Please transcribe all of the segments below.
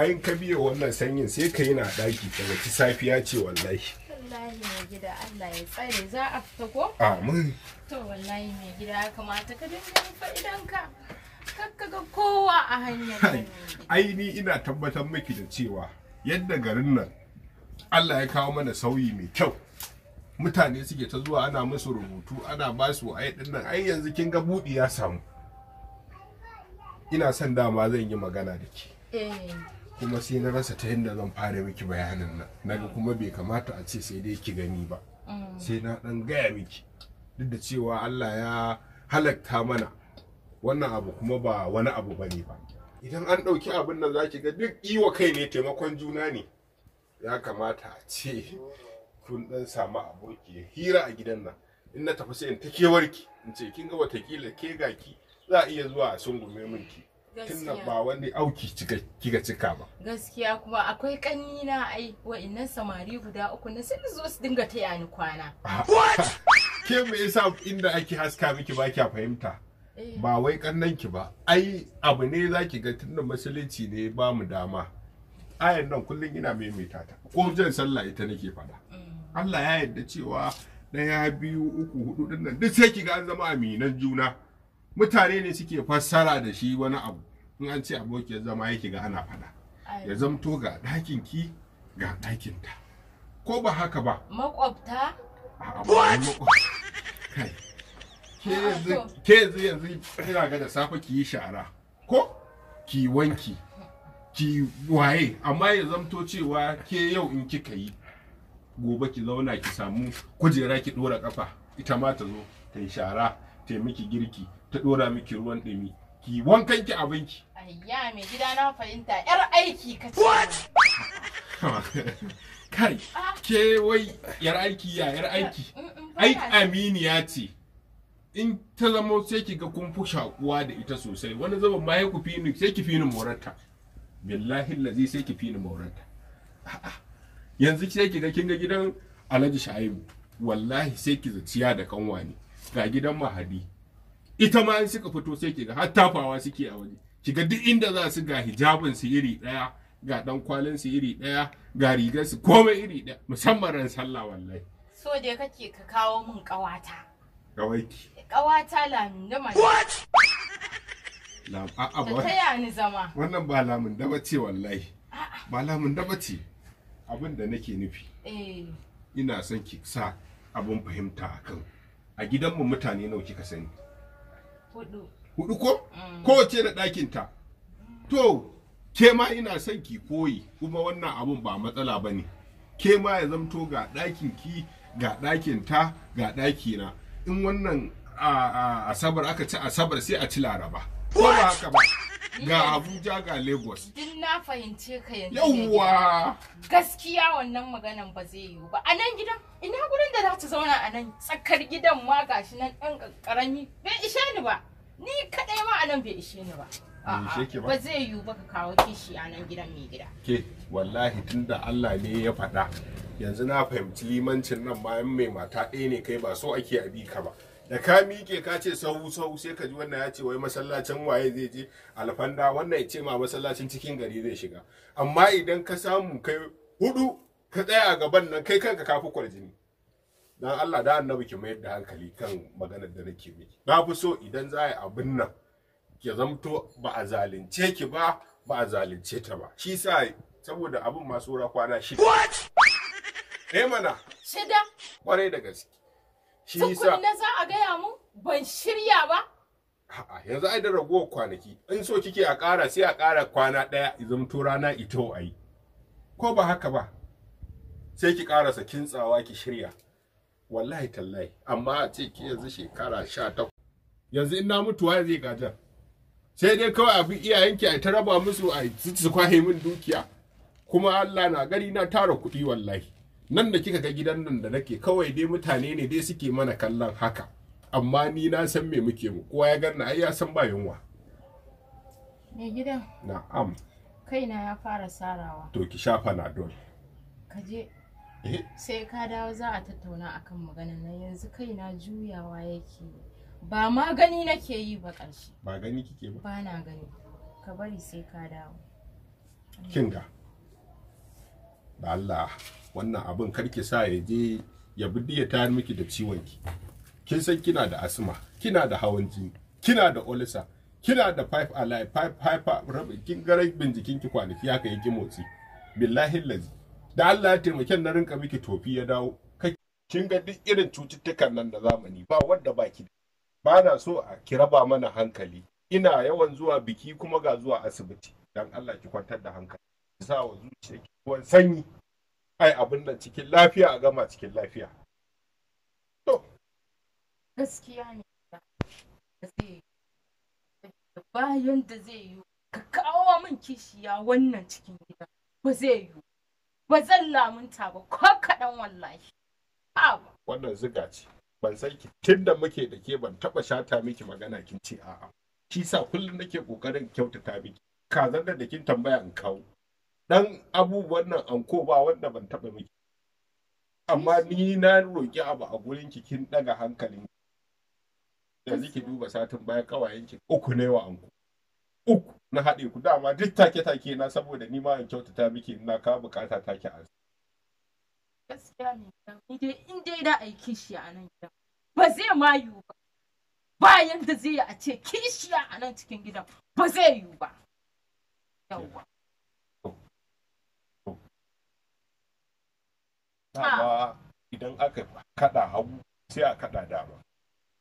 ayin ka biyo wannan sanyin sai ka yi na daki daga ci safiya ce wallahi wallahi mai gida Allah ya tsare za a fita ko amin to wallahi mai gida ya kamata ka dinga rufe idanka kakkaga kowa a hanyar ai ni ina tabbatar miki da cewa yadda garin nan Allah ya kawo mana sauyi mai kyau mutane suke ta zuwa ana musu rubutu ana ba su ai din nan ai yanzu kin ga budi ya samu ina son dama zan yi magana da ke eh kuma sai na rasa ta yadda zan fara miki bayanin nan naga kuma bai kamata a ce sai dai ki gani ba mm. sai na dan gaya miki duk da cewa Allah ya halatta mana wannan abu kuma ba wani abu bane ba idan an ɗauki abin nan zaki ga duk wa kai ne taimakon juna ne ya kamata a ce kun dan samu aboki ya hira a gidan nan in na tafi sai in ta kewarki in ce kin ga watakila ke gaki za a iya zuwa a sungume ki. tunda ba wani auki kika cika ba gaskiya kuma akwai kanina ai wa'innan samari guda uku na sun zo su dinga taya ni kwana ke me yasa inda ake haska miki ba kya fahimta eh. ba wai kannan ki ba ai abu ne zaki ga tunda musulunci ne ba mu dama ayan nan kullun ina maimaita ta ko jan sallah ita nake faɗa mm. Allah ya yarda cewa ɗaya biyu uku hudu ɗin duk sai ki ga an zama aminan juna mutane ne suke fassara da shi wani abu in an ce abokiyar zama yake ga ana fada ya zamto ga ɗakin ki ga ɗakin ta ko ba haka ba makwabta ke yanzu yanzu ina ga da safe ki yi shara ko ki wanki ki waye amma ya zamto cewa ke yau in kika yi gobe ki zauna ki samu kujera ki dora kafa ita ma ta zo ta yi shara ta miki girki ta dora miki ruwan dumi ki wankan ki abin ayya mai gida na fahimta yar aiki ka ce kai ah. ke wai yar aiki ya yar eh, aiki mm, mm, ai aminiya ce in ta zamo sai ki ga kun fi shakuwa da ita sosai wani zaman ma ku fi ni, sai ki fi ni morarta billahi lazi sai ki fi ni morarta yanzu sai ki ga kin ga gidan Alhaji Shaibu wallahi sai ki zaciya da kanwa ne ga gidan mahadi ita ma in suka fito sai kiga har tafawa suke a waje kiga duk inda za su ga hijabin su iri daya ga dan kwalin su iri daya ga rigar su komai iri daya musamman ran sallah wallahi so dai kake ka kawo min kawata kawaiki kawata lamindama what a a ba ta ni zama wannan ba lamin da bace wallahi ba lamin da bace abin da nake nufi eh ina son ki sa abin fahimta akan a gidanmu mutane nawa kika sani hudu hudu ko mm. kowace da ɗakinta to ke ma ina son ki koyi kuma wannan abun ba matsala ba ne ke ma ya zamto ga ɗakin ki ga ɗakin ta ga ɗakina in wannan asabar aka ci asabar sai a ci laraba ko ba haka ba ga abuja ga lagos din na fahimce ka yanzu yawwa gaskiya wannan maganan ba zai yiwu ba a nan gidan ina gurin da za ta zauna a nan tsakar gidan ma gashi nan ɗan karami bai ishe ni ba ni kaɗai ma a nan bai ishe ni ba ba zai yiwu ba ka kawo kishi a nan gidan mai gida ke wallahi tunda allah ne ya faɗa yanzu na fahimci limancin nan bayan mai mata ɗaya ne kai ba so ake abi ka ba da ka miƙe ka ce sau sau sai ka ji wannan ya ce wai masallacin waye zai je alfanda wannan ya ce ma masallacin cikin gari zai shiga amma idan ka samu kai hudu ka tsaya a gaban nan kai kanka ka fi kwarjini dan Allah da annabi ki mayar da hankali kan maganar da nake miki na fi so idan za a yi abin nan ya zamto ba a zalunce ki ba ba a zalunce ta ba shi sa saboda abin masu kwana shi eh mana shida kwarai da gaske tukunna za a gaya mu ban shirya ba A'a yanzu ai da ragowar kwanaki in so kike a ƙara sai a ƙara kwana ɗaya to rana ito a ko ba haka ba sai ki ƙarasa kintsawa ki shirya wallahi tallahi amma a ce ki yanzu shekara sha takwas yanzu in na mutuwa zai gajar sai dai kawai abin iyayenki a ta raba musu a su kwahe min dukiya kuma Allah na gari na tara kuɗi wallahi nan da kika ga gidan nan da nake kawai dai mutane ne dai suke mana kallon haka amma ni na san me muke mu kowa ya ganna ai ya san ba yunwa me gidan na'am kaina ya fara sarawa to ki shafa na don ka je eh? sai ka dawo za a tattauna akan magana na yanzu kaina juyawa yake ba ma gani nake yi ba ƙarshe ba gani kike ba ba na gani ka bari sai ka dawo kinga da Allah wannan abin karki sa ya je ya bi ya tayar miki da ciwon ki kin san kina da asma kina da hawan jini kina da olisa kina da five alive five hyper kin garai bincikin ki kwanaki haka yake motsi billahi lazi da Allah ya taimake na rinka miki tofi ya dawo kin ga duk irin cututtukan nan da zamani ba wanda baki ba na so a ki raba mana hankali ina yawan zuwa biki kuma ga zuwa asibiti dan Allah ki kwantar da hankali ki sa wa zuciyarki ruwan sanyi ai abin nan cikin lafiya a gama cikin lafiya to gaskiya ne bayan da zai yi ka kawo min kishiya wannan cikin gida ba zai yi ba zan lamunta ba ko kaɗan wallahi wannan ziga ce ban san ki tun da muke da ke ban taɓa shata miki magana kin ce a'a shi sa kullum nake ƙoƙarin kyautata miki zanga da kin tambaya in kawo dan abubuwan nan anko ba wanda ban taɓa miki amma ni na roƙi abu a gurin ki kin daga hankalin yanzu ki duba satin bayan kawayen ki uku ne wa anko uku na haɗe ku dama duk take take na saboda ni ma in kyautata miki na ka bukata take a gaskiya ne ni dai in dai da ai shi a nan gidan ba zai ma yiwu ba bayan da zai a ce kishiya a nan cikin gidan ba zai yiwu ba yawwa ba idan aka kada hagu sai a kada dama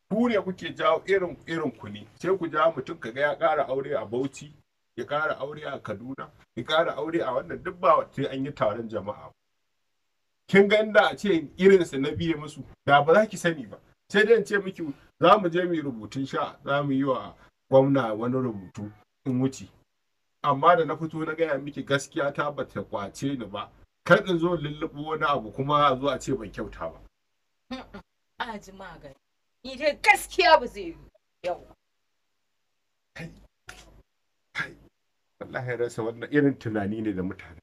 ku ne kuke jawo irin irin ku ne sai ku jawo mutum ga ya kara aure a Bauchi ya kara aure a Kaduna ya ƙara aure a wannan duk sai an yi taron jama'a kin ga inda a ce irin su na biye musu da ba za ki sani ba sai dai ce miki za mu je mu rubutun sha za mu yi wa gwamna wani rubutu in wuce amma da na fito na gaya miki gaskiya ta bata kwace ni ba kar in zo wani abu kuma a zo a ce ban kyauta ba a ji magani ni dai gaskiya ba zai yi yau ya rasa wannan irin tunani ne da mutane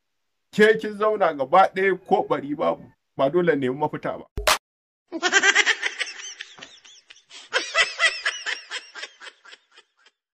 ke kin zauna gaba ɗaya ko bari babu ba dole nemi mafita ba